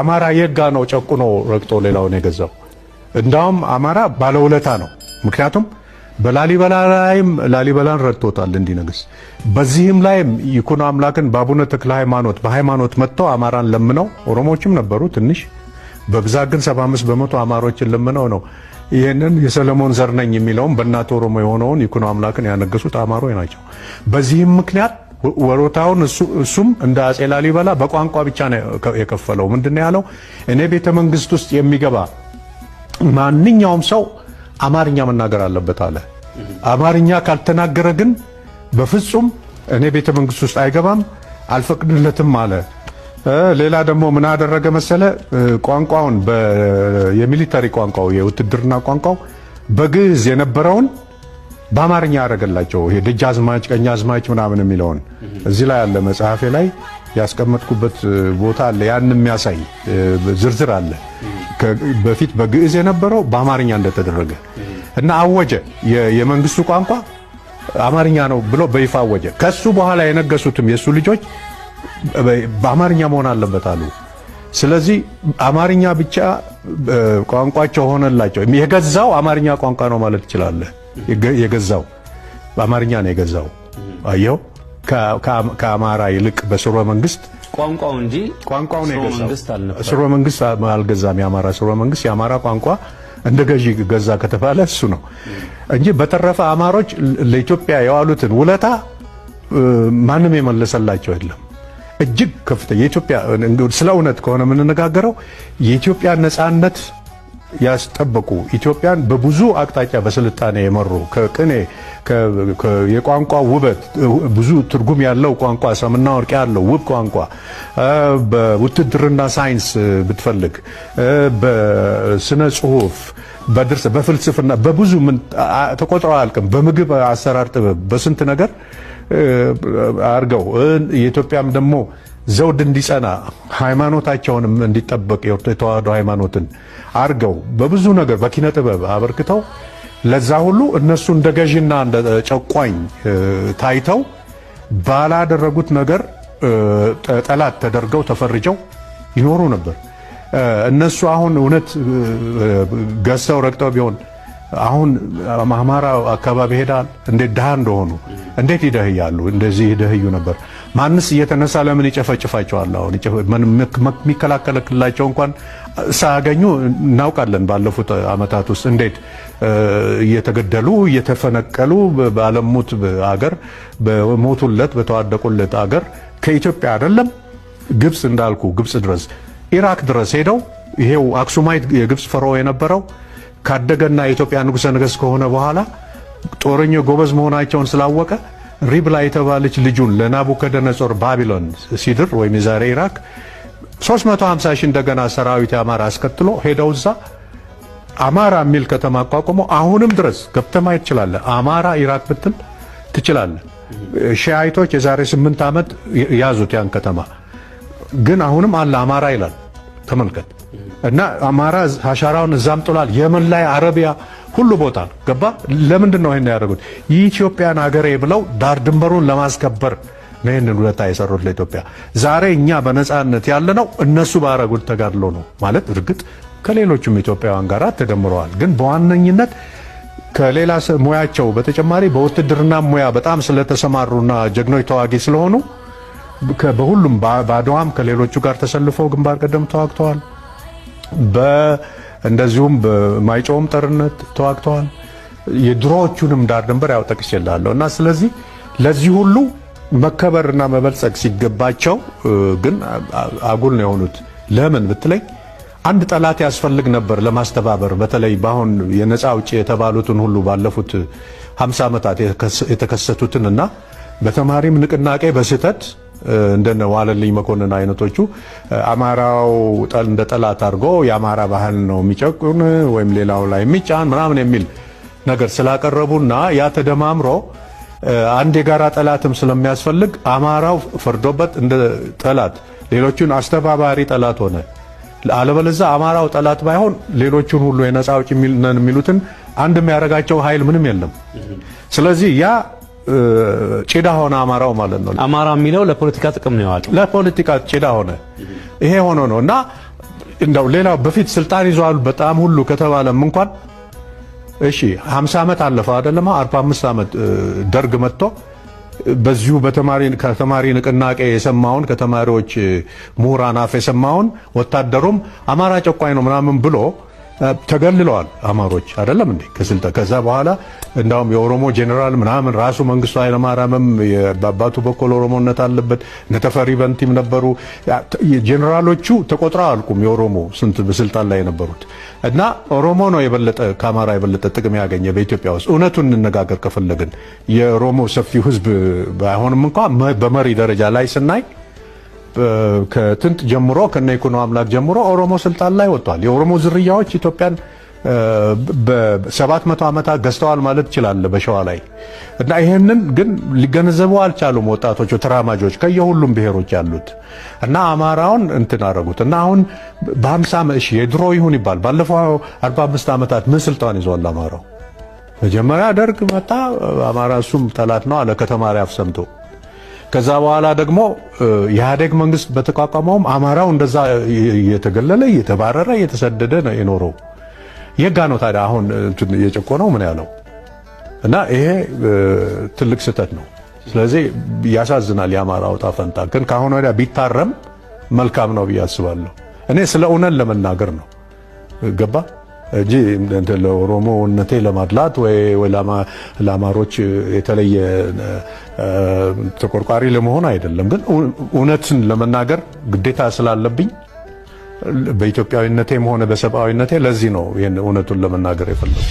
አማራ የጋ ነው ጨቁኖ ረግጦ ሌላውን የገዛው። እንዳውም አማራ ባለውለታ ነው። ምክንያቱም በላሊበላ ላይም ላሊበላን ረድቶታል እንዲነግስ። በዚህም ላይም ይኩኖ አምላክን በአቡነ ተክለ ሃይማኖት በሃይማኖት መጥተው አማራን ለምነው፣ ኦሮሞዎችም ነበሩ ትንሽ በብዛት ግን 75 በመቶ አማሮችን ለምነው ነው ይህንን የሰለሞን ዘር ነኝ የሚለውን በእናት ኦሮሞ የሆነውን ይኩኖ አምላክን ያነገሱት አማሮች ናቸው። በዚህም ምክንያት ወሮታውን እሱም እንደ አፄ ላሊበላ በቋንቋ ብቻ ነው የከፈለው። ምንድን ነው ያለው? እኔ ቤተ መንግስት ውስጥ የሚገባ ማንኛውም ሰው አማርኛ መናገር አለበት አለ። አማርኛ ካልተናገረ ግን በፍጹም እኔ ቤተ መንግስት ውስጥ አይገባም፣ አልፈቅድለትም አለ። ሌላ ደግሞ ምን አደረገ መሰለ? ቋንቋውን የሚሊተሪ ቋንቋው የውትድርና ቋንቋው በግዕዝ የነበረውን በአማርኛ ያደረገላቸው ይሄ ቀኝ አዝማች ምናምን የሚለውን እዚህ ላይ ያለ መጽሐፌ ላይ ያስቀመጥኩበት ቦታ አለ። ያን የሚያሳይ ዝርዝር አለ። በፊት በግዕዝ የነበረው በአማርኛ እንደተደረገ እና አወጀ። የመንግስቱ ቋንቋ አማርኛ ነው ብሎ በይፋ አወጀ። ከሱ በኋላ የነገሱትም የሱ ልጆች በአማርኛ መሆን አለበት አሉ። ስለዚህ አማርኛ ብቻ ቋንቋቸው ሆነላቸው። የገዛው አማርኛ ቋንቋ ነው ማለት ይችላል። የገዛው በአማርኛ ነው የገዛው። አየው ከአማራ ይልቅ በስርወ መንግስት ቋንቋው እንጂ ቋንቋው ነው የገዛው። ስርወ መንግስት አልገዛም። የአማራ ስርወ መንግስት የአማራ ቋንቋ እንደ ገዢ ገዛ ከተባለ እሱ ነው እንጂ በተረፈ አማሮች ለኢትዮጵያ የዋሉትን ውለታ ማንም የመለሰላቸው የለም። እጅግ ከፍተ የኢትዮጵያ ስለ እውነት ከሆነ የምንነጋገረው የኢትዮጵያ ነጻነት ያስጠበቁ ኢትዮጵያን በብዙ አቅጣጫ በስልጣኔ የመሩ ከቅኔ የቋንቋ ውበት ብዙ ትርጉም ያለው ቋንቋ ሰምና ወርቅ ያለው ውብ ቋንቋ በውትድርና ሳይንስ ብትፈልግ በስነ ጽሁፍ በድርሰት በፍልስፍና በብዙ ተቆጥረው አያልቅም። በምግብ አሰራር ጥበብ በስንት ነገር አድርገው የኢትዮጵያም ደግሞ ዘውድ እንዲጸና ሃይማኖታቸውንም እንዲጠበቅ የተዋህዶ ሃይማኖትን አድርገው በብዙ ነገር በኪነ ጥበብ አበርክተው ለዛ ሁሉ እነሱ እንደ ገዥና እንደ ጨቋኝ ታይተው ባላደረጉት ነገር ጠላት ተደርገው ተፈርጀው ይኖሩ ነበር። እነሱ አሁን እውነት ገዝተው ረግጠው ቢሆን አሁን አማራ አካባቢ ሄዳል። እንዴት ድሃ እንደሆኑ እንዴት ይደህያሉ? እንደዚህ ይደህዩ ነበር። ማንስ እየተነሳ ለምን ይጨፈጭፋቸዋል? አሁን የሚከላከልላቸው እንኳን ሳያገኙ እናውቃለን። ባለፉት ዓመታት ውስጥ እንዴት እየተገደሉ እየተፈነቀሉ ባለሙት አገር በሞቱለት በተዋደቁለት አገር ከኢትዮጵያ አይደለም ግብፅ እንዳልኩ ግብፅ ድረስ ኢራክ ድረስ ሄደው ይሄው አክሱማይት የግብፅ ፈርዖ የነበረው ካደገና የኢትዮጵያ ንጉሠ ነገሥት ከሆነ በኋላ ጦረኞ ጎበዝ መሆናቸውን ስላወቀ ሪብላ የተባለች ልጁን ለናቡከደነጾር ባቢሎን ሲድር ወይም የዛሬ ኢራክ 350 ሺህ እንደገና ሰራዊት አማራ አስከትሎ ሄደው እዛ አማራ የሚል ከተማ አቋቁሞ አሁንም ድረስ ገብተህ ማየት ትችላለህ። አማራ ኢራቅ ብትል ትችላለህ። ሺአይቶች የዛሬ 8 ዓመት ያዙት ያን ከተማ ግን አሁንም አለ አማራ ይላል። ተመልከት። እና አማራ ሀሻራውን እዛም ጥሏል። የመን ላይ አረቢያ ሁሉ ቦታ ገባ። ለምንድን ነው ይሄን ያደረጉት? የኢትዮጵያን ሀገሬ ብለው ዳር ድንበሩን ለማስከበር ነው ይህንን ውለታ የሰሩት ለኢትዮጵያ። ዛሬ እኛ በነፃነት ያለነው እነሱ ባረጉት ተጋድሎ ነው ማለት እርግጥ ከሌሎቹም ኢትዮጵያውያን ጋር ተደምረዋል። ግን በዋነኝነት ከሌላ ሙያቸው በተጨማሪ በውትድርና ሙያ በጣም ስለተሰማሩና ጀግኖች ተዋጊ ስለሆኑ በሁሉም በአድዋም ከሌሎቹ ጋር ተሰልፈው ግንባር ቀደም ተዋግተዋል። እንደዚሁም በማይጨውም ጦርነት ተዋግተዋል። የድሮዎቹንም ዳር ድንበር ያው ጠቅሼልሃለሁ እና ስለዚህ ለዚህ ሁሉ መከበርና መበልጸግ ሲገባቸው ግን አጉል ነው የሆኑት። ለምን ብትለኝ አንድ ጠላት ያስፈልግ ነበር ለማስተባበር። በተለይ በአሁን የነፃ አውጪ የተባሉትን ሁሉ ባለፉት 50 ዓመታት የተከሰቱትን እና በተማሪም ንቅናቄ በስህተት እንደነ ዋለልኝ መኮንን አይነቶቹ አማራው እንደ ጠላት አድርጎ የአማራ ባህል ነው የሚጨቁን ወይም ሌላው ላይ የሚጫን ምናምን የሚል ነገር ስላቀረቡና ያ ተደማምሮ አንድ የጋራ ጠላትም ስለሚያስፈልግ አማራው ፈርዶበት እንደ ጠላት ሌሎቹን አስተባባሪ ጠላት ሆነ። አለበለዛ አማራው ጠላት ባይሆን ሌሎቹን ሁሉ የነፃ አውጪ የሚሉትን አንድ የሚያደርጋቸው ኃይል ምንም የለም። ስለዚህ ያ ጭዳ ሆነ አማራው ማለት ነው። አማራ የሚለው ለፖለቲካ ጥቅም ነው ያለው ለፖለቲካ ጭዳ ሆነ። ይሄ ሆኖ ነው እና እንደው ሌላው በፊት ስልጣን ይዟል በጣም ሁሉ ከተባለም እንኳን እሺ 50 ዓመት አለፈው አይደለም 45 ዓመት ደርግ መጥቶ በዚሁ በተማሪ ከተማሪ ንቅናቄ የሰማውን ከተማሪዎች ምሁራን አፍ የሰማውን ወታደሩም አማራ ጨቋኝ ነው ምናምን ብሎ ተገልለዋል አማሮች አይደለም እንዴ ከስልጣን ከዛ በኋላ እንዳውም የኦሮሞ ጄኔራል ምናምን ራሱ መንግስቱ ኃይለማርያምም በአባቱ በኩል ኦሮሞነት አለበት ነተፈሪ በንቲም ነበሩ ጄኔራሎቹ ተቆጥረው አልቁም የኦሮሞ ስንት በስልጣን ላይ የነበሩት እና ኦሮሞ ነው የበለጠ ከአማራ የበለጠ ጥቅም ያገኘ በኢትዮጵያ ውስጥ እውነቱን እንነጋገር ከፈለግን የኦሮሞ ሰፊው ህዝብ ባይሆንም እንኳ በመሪ ደረጃ ላይ ስናይ ከጥንት ጀምሮ ከነ ይኩኖ አምላክ ጀምሮ ኦሮሞ ስልጣን ላይ ወጥቷል። የኦሮሞ ዝርያዎች ኢትዮጵያን በሰባት መቶ ዓመታት ገዝተዋል ማለት ይችላል በሸዋ ላይ እና ይሄንን ግን ሊገነዘቡ አልቻሉም ወጣቶቹ ተራማጆች ከየሁሉም ብሔሮች ያሉት እና አማራውን እንትን አረጉት እና አሁን በ50 እሺ የድሮ ይሁን ይባል ባለፈው 45 ዓመታት ምን ስልጣን ይዟል አማራው መጀመሪያ ደርግ መጣ አማራ እሱም ጠላት ነው አለ ከተማሪ አፍሰምቶ ከዛ በኋላ ደግሞ የኢህአዴግ መንግስት በተቋቋመውም አማራው እንደዛ እየተገለለ እየተባረረ እየተሰደደ ነው የኖረው። የጋ ነው ታዲያ አሁን ነው ምን ያለው እና ይሄ ትልቅ ስህተት ነው። ስለዚህ ያሳዝናል። የአማራ አውጣ ፈንታ ግን ከአሁን ወዲያ ቢታረም መልካም ነው ብዬ አስባለሁ። እኔ ስለ እውነት ለመናገር ነው ገባ እንጂ ለኦሮሞነቴ ለማድላት ወይ ለአማሮች የተለየ ተቆርቋሪ ለመሆን አይደለም። ግን እውነትን ለመናገር ግዴታ ስላለብኝ በኢትዮጵያዊነቴም ሆነ በሰብአዊነቴ ለዚህ ነው ይህን እውነቱን ለመናገር የፈለጉ